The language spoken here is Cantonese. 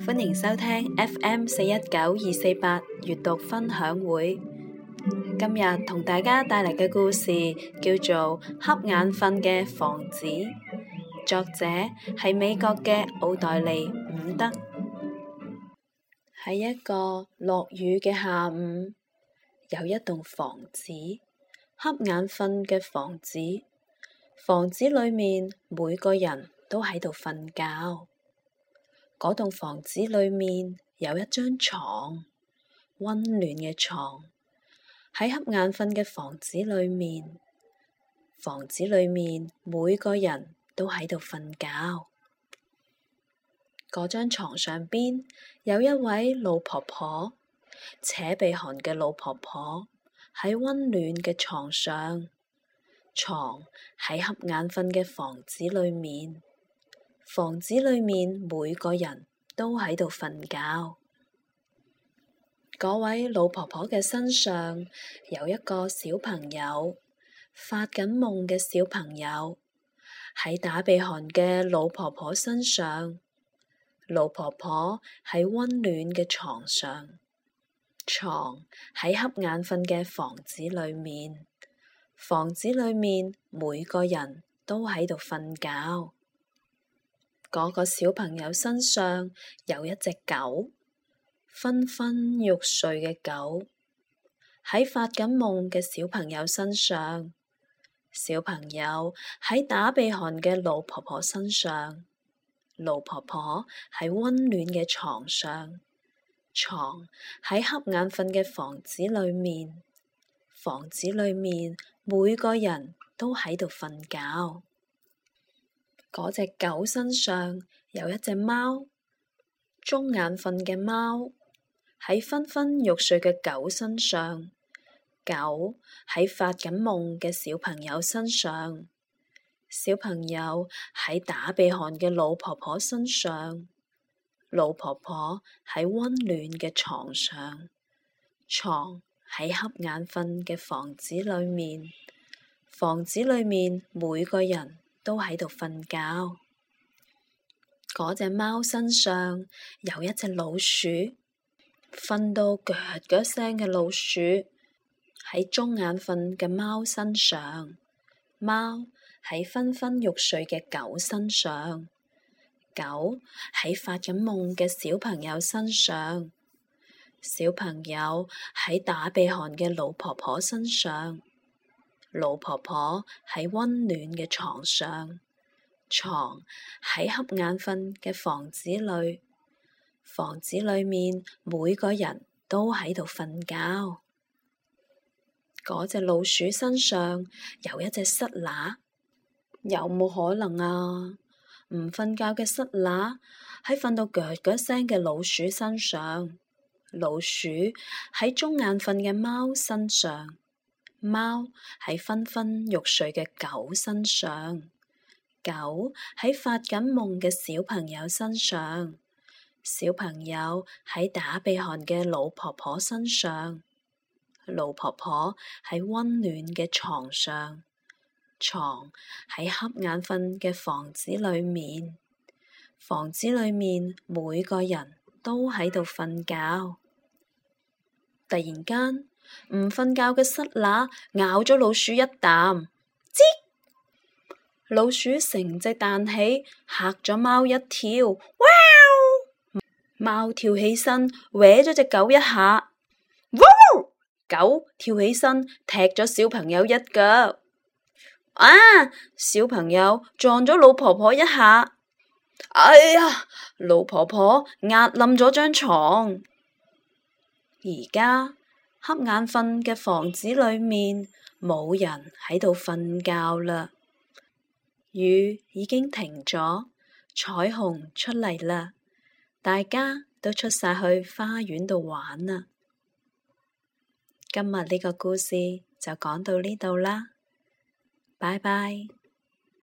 歡迎收聽 FM 四一九二四八閱讀分享會。今日同大家帶嚟嘅故事叫做《瞌眼瞓嘅房子》，作者係美國嘅奧黛麗伍德。喺一個落雨嘅下午，有一棟房子，瞌眼瞓嘅房子。房子裏面每個人都喺度瞓覺。嗰棟房子裏面有一張床，溫暖嘅床，喺瞌眼瞓嘅房子裏面。房子裏面每個人都喺度瞓覺。嗰張床上邊有一位老婆婆，扯鼻鼾嘅老婆婆，喺溫暖嘅床上，床喺瞌眼瞓嘅房子裏面。房子裏面每個人都喺度瞓覺。嗰位老婆婆嘅身上有一個小朋友，發緊夢嘅小朋友喺打鼻鼾嘅老婆婆身上。老婆婆喺温暖嘅床上，床喺瞌眼瞓嘅房子裏面。房子裏面每個人都喺度瞓覺。嗰個，個小朋友身上有一隻狗，昏昏欲睡嘅狗，喺發緊夢嘅小朋友身上，小朋友喺打鼻鼾嘅老婆婆身上，老婆婆喺溫暖嘅床上，床喺瞌眼瞓嘅房子裏面，房子裏面每個人都喺度瞓覺。嗰隻狗身上有一隻貓，瞌眼瞓嘅貓喺昏昏欲睡嘅狗身上，狗喺發緊夢嘅小朋友身上，小朋友喺打鼻鼾嘅老婆婆身上，老婆婆喺溫暖嘅床上，床喺瞌眼瞓嘅房子裏面，房子裏面每個人，都喺度瞓覺，嗰隻貓身上有一隻老鼠，瞓到腳腳聲嘅老鼠喺睜眼瞓嘅貓身上，貓喺昏昏欲睡嘅狗身上，狗喺發緊夢嘅小朋友身上，小朋友喺打鼻鼾嘅老婆婆身上。老婆婆喺溫暖嘅床上，床喺瞌眼瞓嘅房子裏，房子裏面每個人都喺度瞓覺。嗰隻老鼠身上有一隻虱乸，有冇可能啊？唔瞓覺嘅虱乸喺瞓到腳腳聲嘅老鼠身上，老鼠喺中眼瞓嘅貓身上。貓喺昏昏欲睡嘅狗身上，狗喺發緊夢嘅小朋友身上，小朋友喺打鼻鼾嘅老婆婆身上，老婆婆喺温暖嘅床上，床喺瞌眼瞓嘅房子裏面，房子裏面每個人都喺度瞓覺，突然間。唔瞓覺嘅虱乸咬咗老鼠一啖，吱！老鼠成隻彈起，嚇咗貓一跳，哇！貓跳起身，搲咗隻狗一下，哇！狗跳起身，踢咗小朋友一腳，啊！小朋友撞咗老婆婆一下，哎呀！老婆婆壓冧咗張床，而家。瞌眼瞓嘅房子裏面冇人喺度瞓覺啦，雨已經停咗，彩虹出嚟啦，大家都出晒去花園度玩啦。今日呢個故事就講到呢度啦，拜拜。